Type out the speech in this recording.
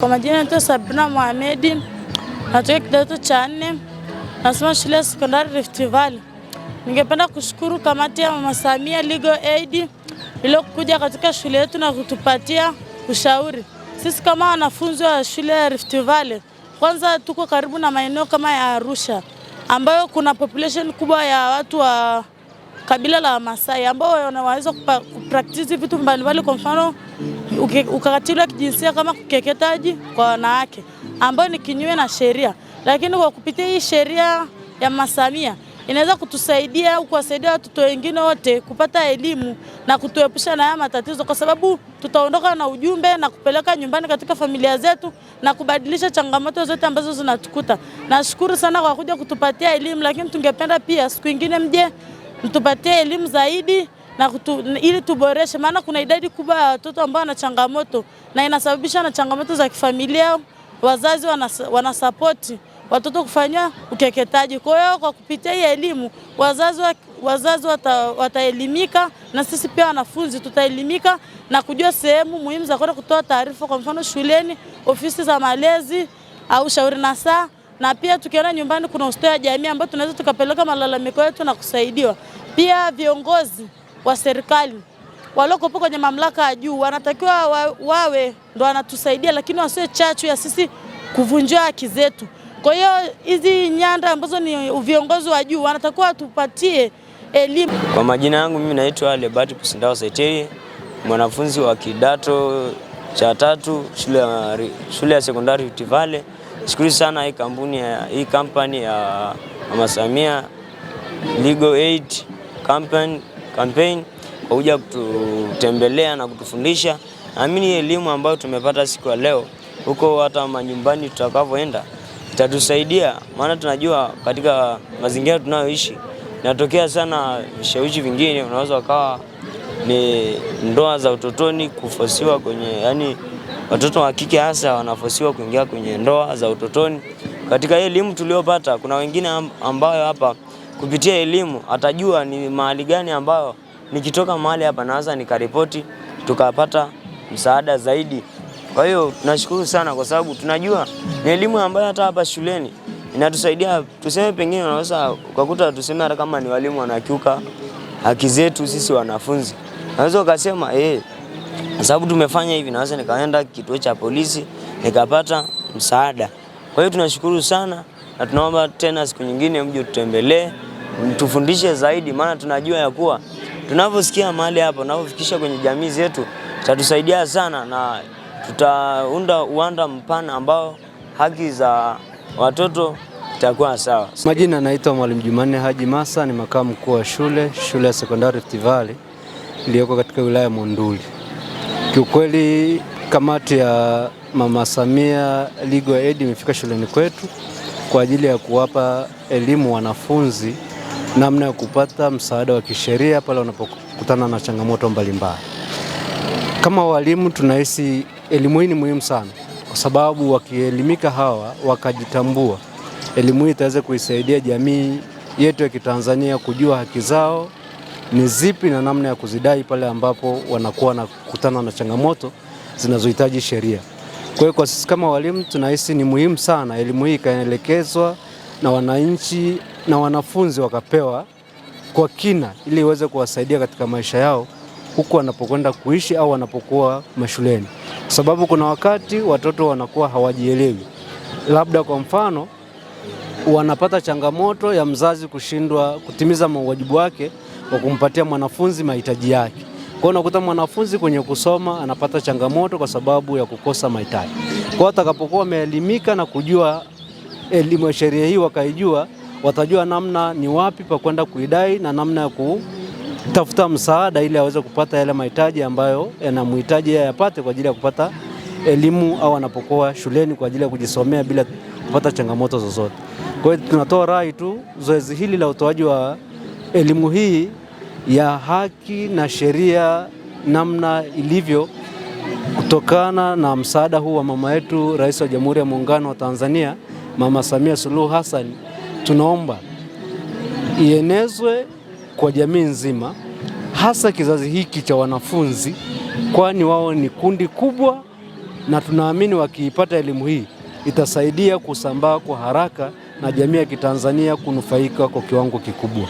Kwa majina naitwa Sabina Mohamedi, natoka kidato cha nne, nasoma shule ya sekondari Rift Valley. Ningependa kushukuru kamati ya Mama Samia Legal Aid iliyokuja katika shule yetu na kutupatia ushauri. Sisi kama wanafunzi wa shule ya Rift Valley, kwanza tuko karibu na maeneo kama ya Arusha ambayo kuna population kubwa ya watu wa kabila la Wamasai ambao wanaweza kupraktisi vitu mbalimbali, kwa mfano ukatili wa kijinsia kama kukeketaji kwa wanawake ambayo ni kinyume na sheria, lakini kwa kupitia hii sheria ya masamia inaweza kutusaidia au kuwasaidia watoto wengine wote kupata elimu na kutuepusha na haya matatizo, kwa sababu tutaondoka na ujumbe na kupeleka nyumbani katika familia zetu na kubadilisha changamoto zote ambazo zinatukuta. Nashukuru sana kwa kuja kutupatia elimu, lakini tungependa pia siku ingine mje mtupatie elimu zaidi na kutu, ili tuboreshe, maana kuna idadi kubwa ya watoto ambao wana changamoto na inasababisha na changamoto za kifamilia. Wazazi wanasapoti watoto kufanya ukeketaji. Kwa hiyo kwa kupitia hii elimu wazazi, wazazi wataelimika wata na sisi pia wanafunzi tutaelimika na kujua sehemu muhimu za kwenda kutoa taarifa, kwa mfano shuleni, ofisi za malezi au shauri na saa na pia tukiona nyumbani kuna ustawi wa jamii ambayo tunaweza tukapeleka malalamiko yetu na kusaidiwa. Pia viongozi wa serikali waliokopo kwenye mamlaka ya juu wanatakiwa wa, wawe ndo wanatusaidia, lakini wasiwe chachu ya sisi kuvunjia haki zetu. Kwa hiyo hizi nyanda ambazo ni viongozi wa juu wanatakiwa watupatie elimu. Kwa majina yangu mimi naitwa Lebati Kusindao Saitei, mwanafunzi wa kidato cha tatu shule ya, shule ya sekondari Utivale. Valley. Shukuru sana hii kampuni ya hii kampani ya Mama Samia Legal Aid Company campaign kuja kututembelea na kutufundisha. Naamini elimu ambayo tumepata siku ya leo huko, hata manyumbani tutakavyoenda, itatusaidia, maana tunajua katika mazingira tunayoishi natokea sana vishawishi vingine, unaweza ukawa ni ndoa za utotoni kufosiwa kwenye, yani watoto wa kike hasa wanafosiwa kuingia kwenye ndoa za utotoni. Katika elimu tuliyopata, kuna wengine ambayo hapa kupitia elimu atajua ni mahali gani ambayo nikitoka mahali hapa naweza nikaripoti tukapata msaada zaidi. Kwa hiyo tunashukuru sana kwa sababu tunajua ni elimu ambayo hata hapa shuleni inatusaidia. Tuseme pengine unaweza ukakuta, tuseme hata kama ni walimu wanakiuka haki zetu sisi wanafunzi, naweza ukasema eh, kwa sababu tumefanya hivi, naweza nikaenda kituo cha polisi nikapata msaada. Kwa hiyo tunashukuru sana na tunaomba tena siku nyingine mje tutembelee, tufundishe zaidi, maana tunajua ya kuwa tunavyosikia mahali hapa, tunavyofikisha kwenye jamii zetu itatusaidia sana, na tutaunda uwanda mpana ambao haki za watoto itakuwa sawa. Majina naitwa Mwalimu Jumanne Haji Masa, ni makamu mkuu wa shule shule ya sekondari Rift Valley iliyoko katika wilaya ya Monduli. Kiukweli kamati ya Mama Samia Legal Aid imefika shuleni kwetu kwa ajili ya kuwapa elimu wanafunzi namna ya kupata msaada wa kisheria pale wanapokutana na changamoto mbalimbali. Kama walimu, tunahisi elimu hii ni muhimu sana, kwa sababu wakielimika hawa wakajitambua, elimu hii itaweza kuisaidia jamii yetu ya Kitanzania kujua haki zao ni zipi na namna ya kuzidai pale ambapo wanakuwa wanakutana na changamoto zinazohitaji sheria. Kwa hiyo kwa sisi kama walimu tunahisi ni muhimu sana elimu hii ikaelekezwa na wananchi na wanafunzi wakapewa kwa kina, ili iweze kuwasaidia katika maisha yao huku wanapokwenda kuishi au wanapokuwa mashuleni, kwa sababu kuna wakati watoto wanakuwa hawajielewi, labda kwa mfano wanapata changamoto ya mzazi kushindwa kutimiza mawajibu wake wa kumpatia mwanafunzi mahitaji yake. Kwa unakuta mwanafunzi kwenye kusoma anapata changamoto kwa sababu ya kukosa mahitaji. Kwa atakapokuwa wameelimika na kujua elimu ya sheria hii wakaijua, watajua namna ni wapi pa kwenda kuidai na namna ya kutafuta msaada ili aweze kupata yale mahitaji ambayo yanamhitaji yeye yapate kwa ajili ya kupata elimu au anapokuwa shuleni kwa ajili ya kujisomea bila kupata changamoto zozote. Kwa hiyo tunatoa rai tu, zoezi hili la utoaji wa elimu hii ya haki na sheria namna ilivyo kutokana na msaada huu wa mama yetu Rais wa Jamhuri ya Muungano wa Tanzania Mama Samia Suluhu Hassan, tunaomba ienezwe kwa jamii nzima, hasa kizazi hiki cha wanafunzi, kwani wao ni kundi kubwa, na tunaamini wakiipata elimu hii itasaidia kusambaa kwa haraka na jamii ya Kitanzania kunufaika kwa kiwango kikubwa.